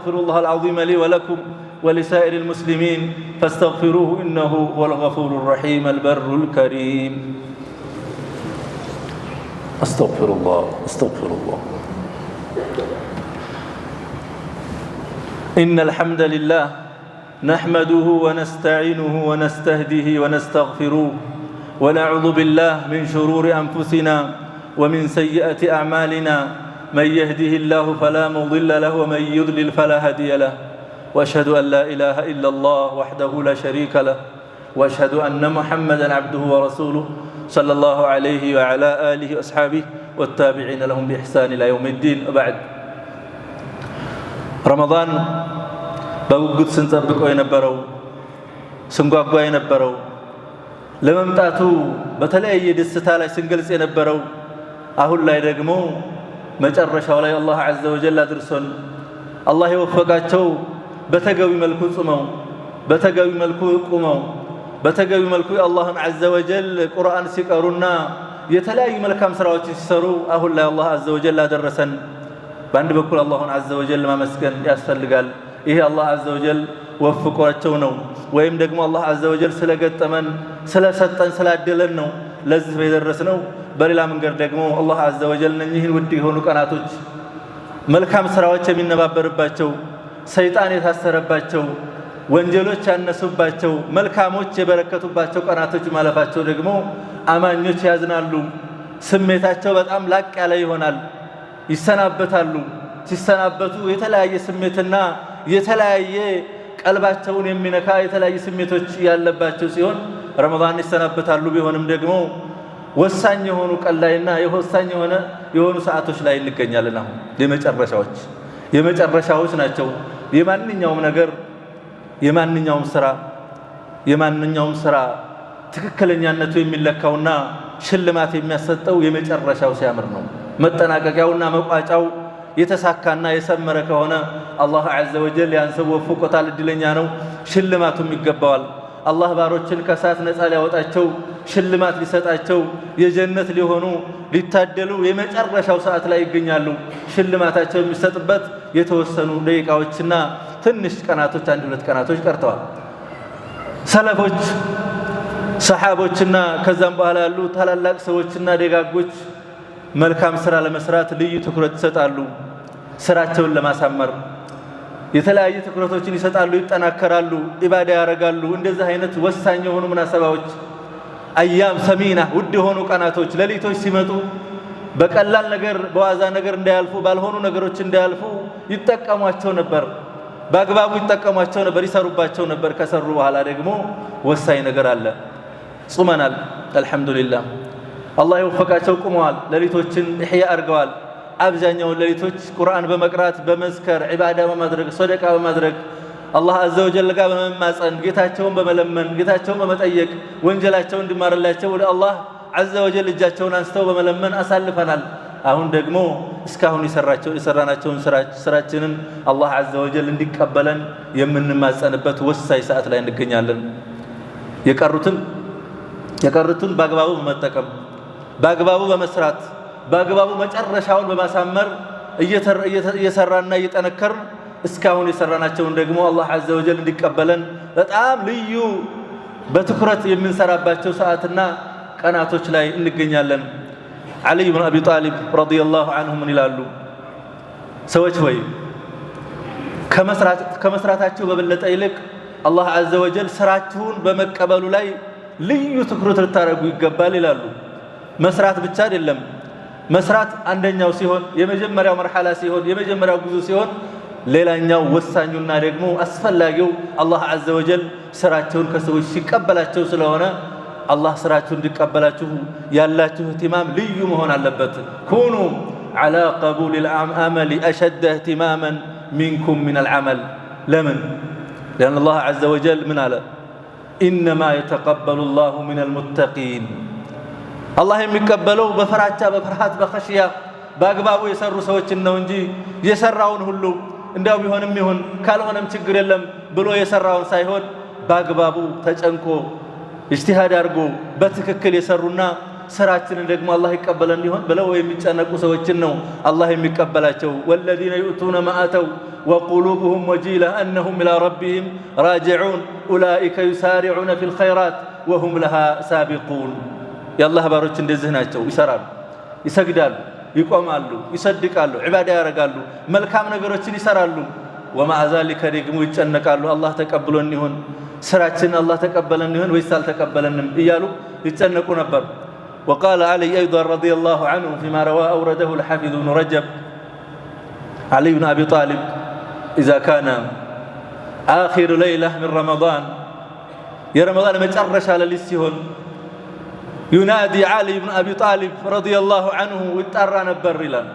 أستغفر الله العظيم لي ولكم ولسائر المسلمين فاستغفروه إنه هو الغفور الرحيم البر الكريم أستغفر الله أستغفر الله إن الحمد لله نحمده ونستعينه ونستهديه ونستغفروه ونعوذ بالله من شرور أنفسنا ومن سيئة أعمالنا من يهده الله فلا مضل له ومن يضلل فلا هادي له واشهد ان لا اله الا الله وحده لا شريك له واشهد ان محمدا عبده ورسوله صلى الله عليه وعلى اله واصحابه والتابعين لهم باحسان الى يوم الدين وبعد رمضان بوجود سنطبقه የነበረው ስንጓጓ የነበረው ለመምጣቱ በተለያየ ደስታ ላይ سنجلس ينبروا اهو الله يرقموا መጨረሻው ላይ አላህ ዐዘ ወጀል አድርሶን አላህ የወፈቃቸው በተገቢ መልኩ ጽመው በተገቢ መልኩ ቁመው በተገቢ መልኩ የአላህን ዐዘ ወጀል ቁርአን ሲቀሩና የተለያዩ መልካም ስራዎችን ሲሰሩ አሁን ላይ አላህ ዐዘ ወጀል አደረሰን። በአንድ በኩል አላሁን ዐዘ ወጀል ማመስገን ያስፈልጋል። ይሄ አላህ ዐዘ ወጀል ወፍቋቸው ነው። ወይም ደግሞ አላህ ዐዘ ወጀል ስለገጠመን፣ ስለሰጠን፣ ስላደለን ነው ለዚህ የደረስነው። በሌላ መንገድ ደግሞ አላህ አዘ ወጀል እነኚህን ውድ የሆኑ ቀናቶች መልካም ስራዎች የሚነባበርባቸው፣ ሰይጣን የታሰረባቸው፣ ወንጀሎች ያነሱባቸው፣ መልካሞች የበረከቱባቸው ቀናቶች ማለፋቸው ደግሞ አማኞች ያዝናሉ። ስሜታቸው በጣም ላቅ ያለ ይሆናል። ይሰናበታሉ። ሲሰናበቱ የተለያየ ስሜትና የተለያየ ቀልባቸውን የሚነካ የተለያየ ስሜቶች ያለባቸው ሲሆን ረመዳን ይሰናበታሉ። ቢሆንም ደግሞ ወሳኝ የሆኑ ቀን ላይና ወሳኝ የሆነ የሆኑ ሰዓቶች ላይ እንገኛለን። አሁን የመጨረሻዎች የመጨረሻዎች ናቸው። የማንኛውም ነገር የማንኛውም ስራ የማንኛውም ስራ ትክክለኛነቱ የሚለካውና ሽልማት የሚያሰጠው የመጨረሻው ሲያምር ነው። መጠናቀቂያውና መቋጫው የተሳካና የሰመረ ከሆነ አላህ ዐዘ ወጀል ያን ሰው ወፍቆታል፣ እድለኛ ነው፣ ሽልማቱም ይገባዋል። አላህ ባሮችን ከእሳት ነፃ ሊያወጣቸው ሽልማት ሊሰጣቸው የጀነት ሊሆኑ ሊታደሉ የመጨረሻው ሰዓት ላይ ይገኛሉ። ሽልማታቸው የሚሰጥበት የተወሰኑ ደቂቃዎችና ትንሽ ቀናቶች፣ አንድ ሁለት ቀናቶች ቀርተዋል። ሰለፎች ሰሓቦችና ከዛም በኋላ ያሉ ታላላቅ ሰዎችና ደጋጎች መልካም ስራ ለመስራት ልዩ ትኩረት ይሰጣሉ፣ ስራቸውን ለማሳመር የተለያዩ ትኩረቶችን ይሰጣሉ፣ ይጠናከራሉ፣ ኢባዳ ያደርጋሉ። እንደዚህ አይነት ወሳኝ የሆኑ ምናሰባዎች አያም ሰሚና ውድ የሆኑ ቀናቶች፣ ሌሊቶች ሲመጡ በቀላል ነገር በዋዛ ነገር እንዳያልፉ፣ ባልሆኑ ነገሮች እንዳያልፉ ይጠቀሟቸው ነበር። በአግባቡ ይጠቀሟቸው ነበር፣ ይሰሩባቸው ነበር። ከሰሩ በኋላ ደግሞ ወሳኝ ነገር አለ። ጹመናል፣ አልሐምዱሊላህ። አላህ የወፈቃቸው ቁመዋል፣ ሌሊቶችን ኢሕያ አድርገዋል። አብዛኛውን ሌሊቶች ቁርአን በመቅራት በመዝከር ዒባዳ በማድረግ ሶደቃ በማድረግ አላህ አዘወጀል ጋር በመማፀን ጌታቸውን በመለመን ጌታቸውን በመጠየቅ ወንጀላቸውን እንዲማርላቸው ወደ አላህ አዘወጀል እጃቸውን አንስተው በመለመን አሳልፈናል። አሁን ደግሞ እስካሁን የሰራናቸውን ስራችንን አላህ አዘወጀል እንዲቀበለን የምንማፀንበት ወሳኝ ሰዓት ላይ እንገኛለን። የቀሩትን በአግባቡ በመጠቀም በአግባቡ በመስራት በአግባቡ መጨረሻውን በማሳመር እየሰራና እየጠነከር እስካሁን የሰራናቸውን ደግሞ አላህ ዐዘ ወጀል እንዲቀበለን በጣም ልዩ በትኩረት የምንሰራባቸው ሰዓትና ቀናቶች ላይ እንገኛለን። ዓሊ ብን አቢ ጣሊብ ረዲየላሁ ዐንሁ ምን ይላሉ? ሰዎች ወይ ከመስራታችሁ በበለጠ ይልቅ አላህ ዐዘ ወጀል ስራችሁን በመቀበሉ ላይ ልዩ ትኩረት ልታደርጉ ይገባል ይላሉ። መስራት ብቻ አይደለም መስራት አንደኛው ሲሆን የመጀመሪያው መርሐላ ሲሆን የመጀመሪያው ጉዞ ሲሆን ሌላኛው ወሳኙና ደግሞ አስፈላጊው አላህ ዐዘ ወጀል ስራቸውን ከሰዎች ሲቀበላቸው ስለሆነ አላህ ስራችሁ እንዲቀበላችሁ ያላችሁ እህትማም ልዩ መሆን አለበት። ኩኑ ዐላ ቀቡሊል አመሊ አሸደ እህትማመን ሚንኩም ሚነል ዐመል። ለምን? ሊአን አላህ ዐዘ ወጀል ምን አለ? ኢነማ የተቀበሉ ላሁ ሚነል ሙተቂን አላህ የሚቀበለው በፍራቻ በፍርሃት በኸሽያ በአግባቡ የሰሩ ሰዎችን ነው እንጂ የሰራውን ሁሉ እንዲያው ቢሆንም ይሁን ካልሆነም ችግር የለም ብሎ የሰራውን ሳይሆን በአግባቡ ተጨንቆ ኢጅቲሃድ አድርጎ በትክክል የሰሩና ስራችንን ደግሞ አላህ ይቀበለን ይሆን ብለው የሚጨነቁ ሰዎችን ነው አላህ የሚቀበላቸው። ወለዚነ ዩእቱነ ማአተው ወቁሉብሁም ወጂላ አነሁም ኢላ ረቢህም ራጅዑን ኡላኢከ ዩሳሪዑነ ፊልኸይራት ወሁም ለሃ ሳቢቁን የአላህ ባሮች እንደዚህ ናቸው። ይሰራሉ፣ ይሰግዳሉ፣ ይቆማሉ፣ ይሰድቃሉ፣ ዒባዳ ያደርጋሉ፣ መልካም ነገሮችን ይሰራሉ። ወማዕ ደግሞ ይጨነቃሉ። አላህ ተቀብሎን ይሆን ስራችን አላህ ተቀበለን ይሆን ወይስ አልተቀበለንም እያሉ ይጨነቁ ነበር። ወቃለ ዓሊ አይዷን ረዲየላሁ አንሁ ፊማ ረዋ አውረደሁ ልሓፊዝ ብኑ ረጀብ ዓሊ ብኑ አቢ ጣሊብ ኢዛ ካነ አኺሩ ለይላ ምን ረመዳን የረመዳን መጨረሻ ለሊት ሲሆን ዩናዲ ዓሊ ብን አቢ ጣሊብ ረዲየላሁ አንሁ ይጣራ ነበር ይላል።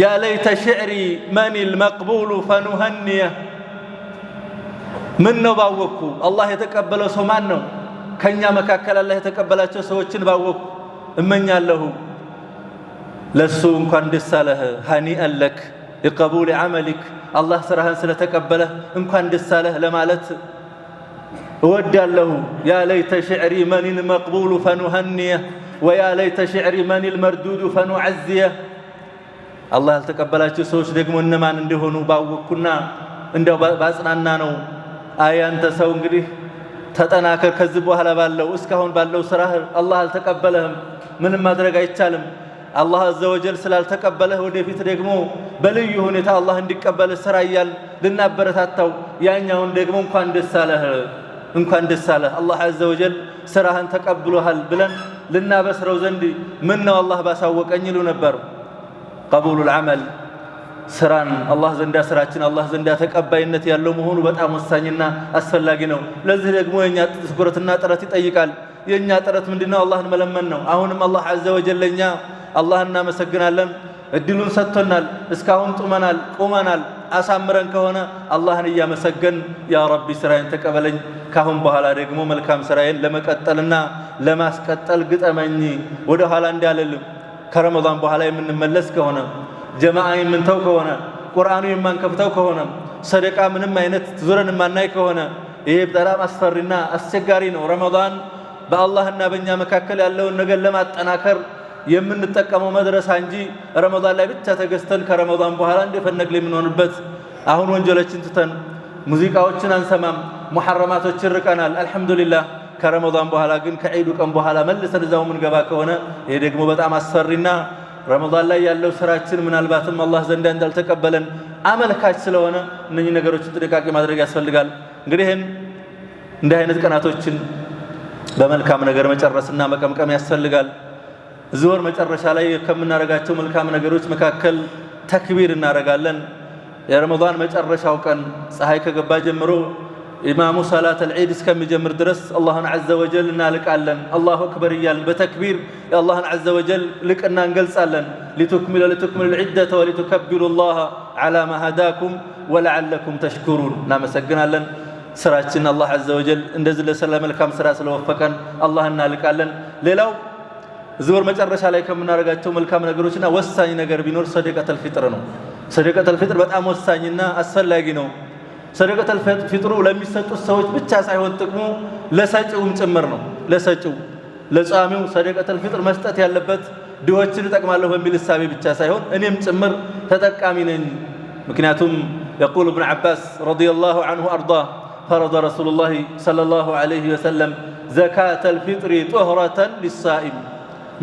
ያ ለይተ ሽዕሪ መኒ ልመቅቡሉ ፈኑሀንየ። ምን ነው ባወቅኩ፣ አላህ የተቀበለው ሰው ማን ነው? ከእኛ መካከል አላህ የተቀበላቸው ሰዎችን ባወቅኩ እመኛለሁ። ለሱ እንኳን ደስ አለህ። ሃኒአን ለክ ቢቀቡል ዐመሊክ፣ አላህ ስራህን ስለተቀበለህ እንኳን ደስ አለህ ለማለት እወዳለሁ ያ ለይተ ሽዕሪ መኒል መቅቡሉ ፈኑሀኒየ ወያ ለይተ ሽዕሪ መኒል መርዱዱ ፈኑዐዝየ። አላህ ያልተቀበላቸው ሰዎች ደግሞ እነማን እንደሆኑ ባወቅኩና እንደው ባጽናና ነው። አያንተ ሰው እንግዲህ ተጠናከር። ከዚህ በኋላ ባለው እስካሁን ባለው ስራህ አላህ አልተቀበለህም፣ ምንም ማድረግ አይቻልም። አላህ አዘወጀል ስላልተቀበለህ ወደፊት ደግሞ በልዩ ሁኔታ አላህ እንዲቀበልህ ስራ እያል ልናበረታታው ያኛውን ደግሞ እንኳን ደስ አለህ እንኳን ደስ አለህ አላህ አዘ ወጀል ስራህን ተቀብሎሃል ብለን ልናበስረው ዘንድ ምን ነው አላህ ባሳወቀኝ ይሉ ነበር። ቀቡሉል ዐመል ስራን አላህ ዘንዳ ስራችን አላህ ዘንዳ ተቀባይነት ያለው መሆኑ በጣም ወሳኝና አስፈላጊ ነው። ለዚህ ደግሞ የእኛ ትኩረትና ጥረት ይጠይቃል። የእኛ ጥረት ምንድነው? አላህን መለመን ነው። አሁንም አላህ አዘ ወጀል ለእኛ አላህ እናመሰግናለን። እድሉን ሰጥቶናል። እስካሁን ጡመናል፣ ቁመናል። አሳምረን ከሆነ አላህን እያመሰገን ያ ረቢ ስራዬን ተቀበለኝ ካሁን በኋላ ደግሞ መልካም ስራዬን ለመቀጠልና ለማስቀጠል ግጠመኝ፣ ወደ ኋላ እንዳልልም። ከረመዳን በኋላ የምንመለስ ከሆነ ጀማዓ የምንተው ከሆነ ቁርአኑ የማንከፍተው ከሆነ ሰደቃ ምንም አይነት ዙረን የማናይ ከሆነ ይሄ በጣም አስፈሪና አስቸጋሪ ነው። ረመዳን በአላህና በእኛ መካከል ያለውን ነገር ለማጠናከር የምንጠቀመው መድረሳ እንጂ ረመዳን ላይ ብቻ ተገዝተን ከረመዳን በኋላ እንደፈነግል የምንሆንበት አሁን ወንጀሎችን ትተን ሙዚቃዎችን አንሰማም። ሙሐረማቶችን ርቀናል። አልሐምዱሊላህ። ከረመዳን በኋላ ግን ከዒዱ ቀን በኋላ መልሰን እዛው ምንገባ ከሆነ ይሄ ደግሞ በጣም አስፈሪና ረመዳን ላይ ያለው ስራችን ምናልባትም አላህ ዘንዳ እንዳልተቀበለን አመልካች ስለሆነ እነኚህ ነገሮችን ጥንቃቄ ማድረግ ያስፈልጋል። እንግዲህ ይህን እንዲህ አይነት ቀናቶችን በመልካም ነገር መጨረስና መቀምቀም ያስፈልጋል። እዚህ ወር መጨረሻ ላይ ከምናደርጋቸው መልካም ነገሮች መካከል ተክቢር እናደርጋለን። የረመዳን መጨረሻው ቀን ፀሐይ ከገባ ጀምሮ ኢማሙ ሰላት አልዒድ እስከሚጀምር ድረስ አላህን ዐዘ ወጀል እናልቃለን። አላሁ አክበር እያልን በተክቢር የአላህን ዐዘ ወጀል ልቅና እንገልጻለን። ሊቱክሚሉ ሊቱክሚሉ ልዒደተ ወሊቱከቢሩ ላህ ዐላ ማ ሀዳኩም ወለዐለኩም ተሽኩሩን። እናመሰግናለን ስራችን አላህ ዐዘ ወጀል እንደዚህ ለሰለ መልካም ስራ ስለወፈቀን አላህ እናልቃለን። ሌላው እዚህ ወር መጨረሻ ላይ ከምናደርጋቸው መልካም ነገሮችና ወሳኝ ነገር ቢኖር ሰደቀተል ፊጥር ነው። ሰደቀተል ፊጥር በጣም ወሳኝና አስፈላጊ ነው። ሰደቀተል ፊጥሩ ለሚሰጡት ሰዎች ብቻ ሳይሆን ጥቅሙ ለሰጪውም ጭምር ነው። ለሰጪው ለጿሚው ሰደቀተል ፊጥር መስጠት ያለበት ድሆችን እጠቅማለሁ በሚል እሳቤ ብቻ ሳይሆን እኔም ጭምር ተጠቃሚ ነኝ። ምክንያቱም የቁል እብን ዓባስ ረዲየላሁ አንሁ አርዳ ፈረደ ረሱሉላሂ ሰለላሁ ዐለይሂ ወሰለም ዘካተል ፊጥሪ ጦህረተን ሊሳኢም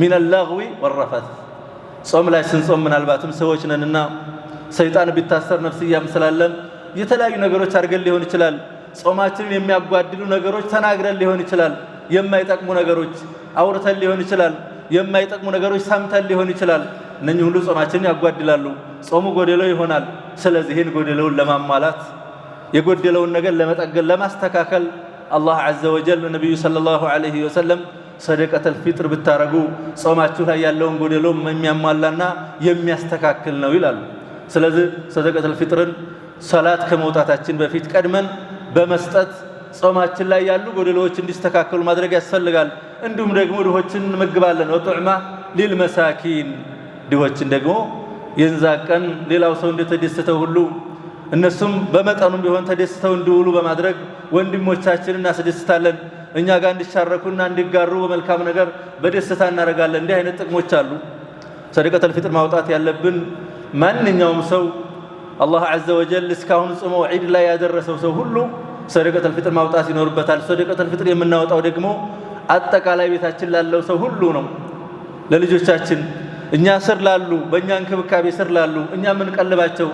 ሚነል ለግዊ ወረፈት። ጾም ላይ ስንጾም ምናልባትም ሰዎች ነንና ሰይጣን ቢታሰር ነፍስያም ስላለን የተለያዩ ነገሮች አድርገን ሊሆን ይችላል። ጾማችንን የሚያጓድሉ ነገሮች ተናግረን ሊሆን ይችላል። የማይጠቅሙ ነገሮች አውርተን ሊሆን ይችላል። የማይጠቅሙ ነገሮች ሰምተን ሊሆን ይችላል። እነኚህ ሁሉ ጾማችንን ያጓድላሉ። ጾሙ ጎደሎ ይሆናል። ስለዚህ ይህን ጎደለውን ለማሟላት የጎደለውን ነገር ለመጠገን ለማስተካከል አላህ ዐዘ ወጀል ነቢዩ ሰለላሁ ዐለይሂ ወሰለም ሰደቀተል ፊጥር ብታረጉ ጾማችሁ ላይ ያለውን ጎደሎ የሚያሟላና የሚያስተካክል ነው ይላሉ። ስለዚህ ሰደቀተል ፊጥርን ሰላት ከመውጣታችን በፊት ቀድመን በመስጠት ጾማችን ላይ ያሉ ጎደሎዎች እንዲስተካከሉ ማድረግ ያስፈልጋል። እንዲሁም ደግሞ ድሆችን እንመግባለን። ወጡዕማ ሊል መሳኪን ድሆችን ደግሞ የንዛ ቀን ሌላው ሰው እንደተደሰተው ሁሉ እነሱም በመጠኑም ቢሆን ተደስተው እንዲውሉ በማድረግ ወንድሞቻችን እናስደስታለን። እኛ ጋር እንዲሻረኩና እንዲጋሩ በመልካም ነገር በደስታ እናደርጋለን። እንዲህ አይነት ጥቅሞች አሉ። ሰደቀተል ፊጥር ማውጣት ያለብን ማንኛውም ሰው አላህ ዐዘ ወጀል እስካሁን ጽሞ ዒድ ላይ ያደረሰው ሰው ሁሉ ሰደቀተል ፊጥር ማውጣት ይኖርበታል። ሰደቀተል ፊጥር የምናወጣው ደግሞ አጠቃላይ ቤታችን ላለው ሰው ሁሉ ነው። ለልጆቻችን፣ እኛ ስር ላሉ፣ በእኛ እንክብካቤ ስር ላሉ፣ እኛ የምንቀልባቸው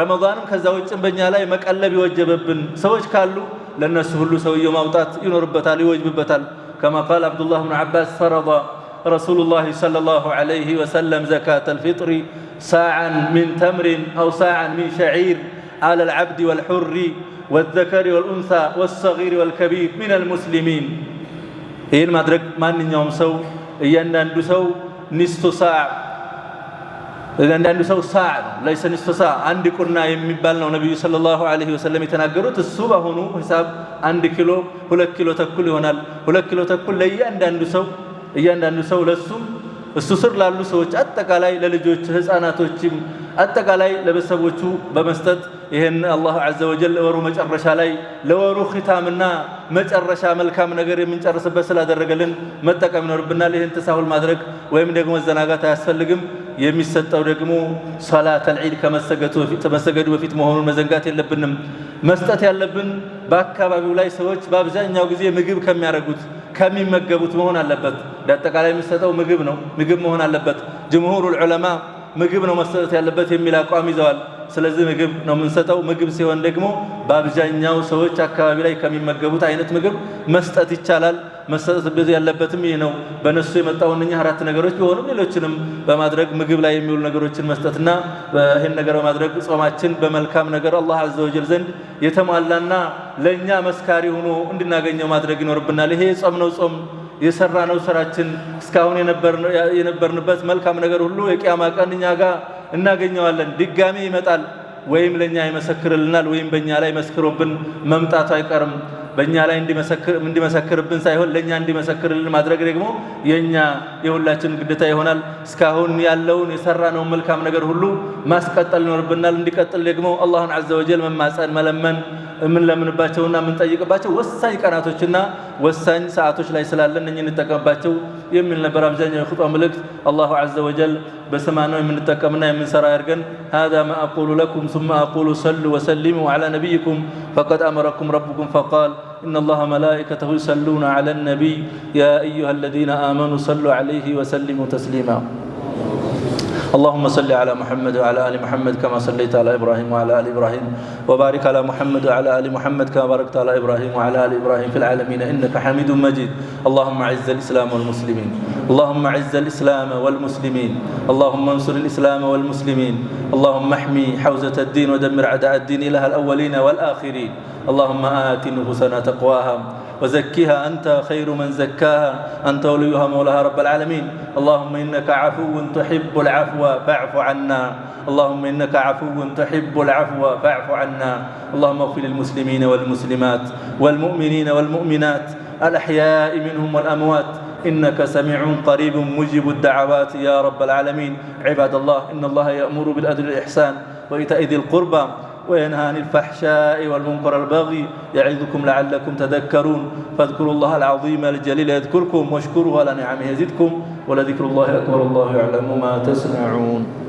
ረመዳንም ከዛ ውጭም በእኛ ላይ መቀለብ ይወጀበብን ሰዎች ካሉ ለእነሱ ሁሉ ሰውየው ማውጣት ይኖርበታል፣ ይወጅብበታል። ከማ ቃል አብዱላህ ብን ዐባስ ፈረዷ رسول الله صلى الله عليه وسلم زكاة الفطر ساعا من تمر أو ساعا من شعير على العبد والحر والذكر والأنثى والصغير والكبير من المسلمين إن مدرك من يوم سو ينن سو نصف ساعة እያንዳንዱ سو ساعة ليس نصف ساعة عندي كنا ቁና የሚባል ነው ነቢዩ ስለ ላሁ አለህ ወሰለም የተናገሩት እሱ በአሁኑ ሂሳብ አንድ ኪሎ ሁለት ኪሎ ተኩል ይሆናል ሁለት ኪሎ ተኩል ለእያንዳንዱ እያንዳንዱ ሰው ለሱም እሱ ስር ላሉ ሰዎች አጠቃላይ ለልጆች ህፃናቶችም አጠቃላይ ለቤተሰቦቹ በመስጠት ይህን አላሁ ዐዘ ወጀል ወሩ መጨረሻ ላይ ለወሩ ኺታምና መጨረሻ መልካም ነገር የምንጨርስበት ስላደረገልን መጠቀም ይኖርብናል። ይህን ተሳሁል ማድረግ ወይም ደግሞ መዘናጋት አያስፈልግም። የሚሰጠው ደግሞ ሰላተል አልዒድ ከመሰገዱ በፊት መሆኑን መዘንጋት የለብንም። መስጠት ያለብን በአካባቢው ላይ ሰዎች በአብዛኛው ጊዜ ምግብ ከሚያደርጉት ከሚመገቡት መሆን አለበት። ለአጠቃላይ የሚሰጠው ምግብ ነው፣ ምግብ መሆን አለበት። ጅምሁሩ ዑለማ ምግብ ነው መሰጠት ያለበት የሚል አቋም ይዘዋል። ስለዚህ ምግብ ነው የምንሰጠው። ምግብ ሲሆን ደግሞ በአብዛኛው ሰዎች አካባቢ ላይ ከሚመገቡት አይነት ምግብ መስጠት ይቻላል። መሰጠት ያለበትም ይህ ነው። በነሱ የመጣው እነኚህ አራት ነገሮች ቢሆኑም ሌሎችንም በማድረግ ምግብ ላይ የሚውሉ ነገሮችን መስጠትና ይህን ነገር በማድረግ ጾማችን በመልካም ነገር አላህ አዘወጀል ዘንድ የተሟላና ለእኛ መስካሪ ሆኖ እንድናገኘው ማድረግ ይኖርብናል። ይሄ ጾም ነው ጾም የሰራ ነው ስራችን እስካሁን የነበርንበት መልካም ነገር ሁሉ የቅያማ ቀን እኛ ጋር እናገኘዋለን። ድጋሚ ይመጣል ወይም ለእኛ ይመሰክርልናል ወይም በእኛ ላይ መስክሮብን መምጣቱ አይቀርም። በእኛ ላይ እንዲመሰክርብን ሳይሆን ለእኛ እንዲመሰክርልን ማድረግ ደግሞ የእኛ የሁላችን ግዴታ ይሆናል። እስካሁን ያለውን የሰራነውን መልካም ነገር ሁሉ ማስቀጠል ይኖርብናል። እንዲቀጥል ደግሞ አላህን ዐዘ ወጀል መማፀን መለመን የምንለምንባቸውና የምንጠይቅባቸው ወሳኝ ቀናቶችና ወሳኝ ሰዓቶች ላይ ስላለን እኚህ እንጠቀምባቸው የሚል ነበር አብዛኛው የኹጥባ መልእክት። አላሁ ዐዘ ወጀል በሰማነው የምንጠቀምና የምንሰራ ያድርገን። ሀዛ ማ አቁሉ ለኩም ሱመ አቁሉ ሰሉ ወሰሊሙ ዐላ ነቢይኩም ፈቀድ አመረኩም ረቡኩም ፈቃል إن الله ملائكته يصلون على النبي يا أيها الذين آمنوا صلوا عليه وسلموا تسليما اللهم صل على محمد وعلى ال محمد كما صليت على ابراهيم وعلى ال ابراهيم وبارك على محمد وعلى ال محمد كما باركت على ابراهيم وعلى ال ابراهيم في العالمين انك حميد مجيد اللهم اعز الاسلام والمسلمين اللهم اعز الاسلام والمسلمين اللهم انصر الاسلام والمسلمين اللهم احمي حوزه الدين ودمر اعداء الدين لها الاولين والاخرين اللهم ات نفوسنا تقواها وزكها أنت خير من زكاها أنت وليها مولاها رب العالمين اللهم إنك عفو تحب العفو فاعف عنا اللهم إنك عفو تحب العفو فاعف عنا اللهم اغفر للمسلمين والمسلمات والمؤمنين والمؤمنات الأحياء منهم والأموات إنك سميع قريب مجيب الدعوات يا رب العالمين عباد الله إن الله يأمر بالأدل والإحسان وإيتاء ذي القربى وينهى عن الفحشاء والمنكر البغي يعظكم لعلكم تذكرون فاذكروا الله العظيم الجليل يذكركم واشكروا على نعمه يزدكم ولذكر الله أكبر الله يعلم ما تصنعون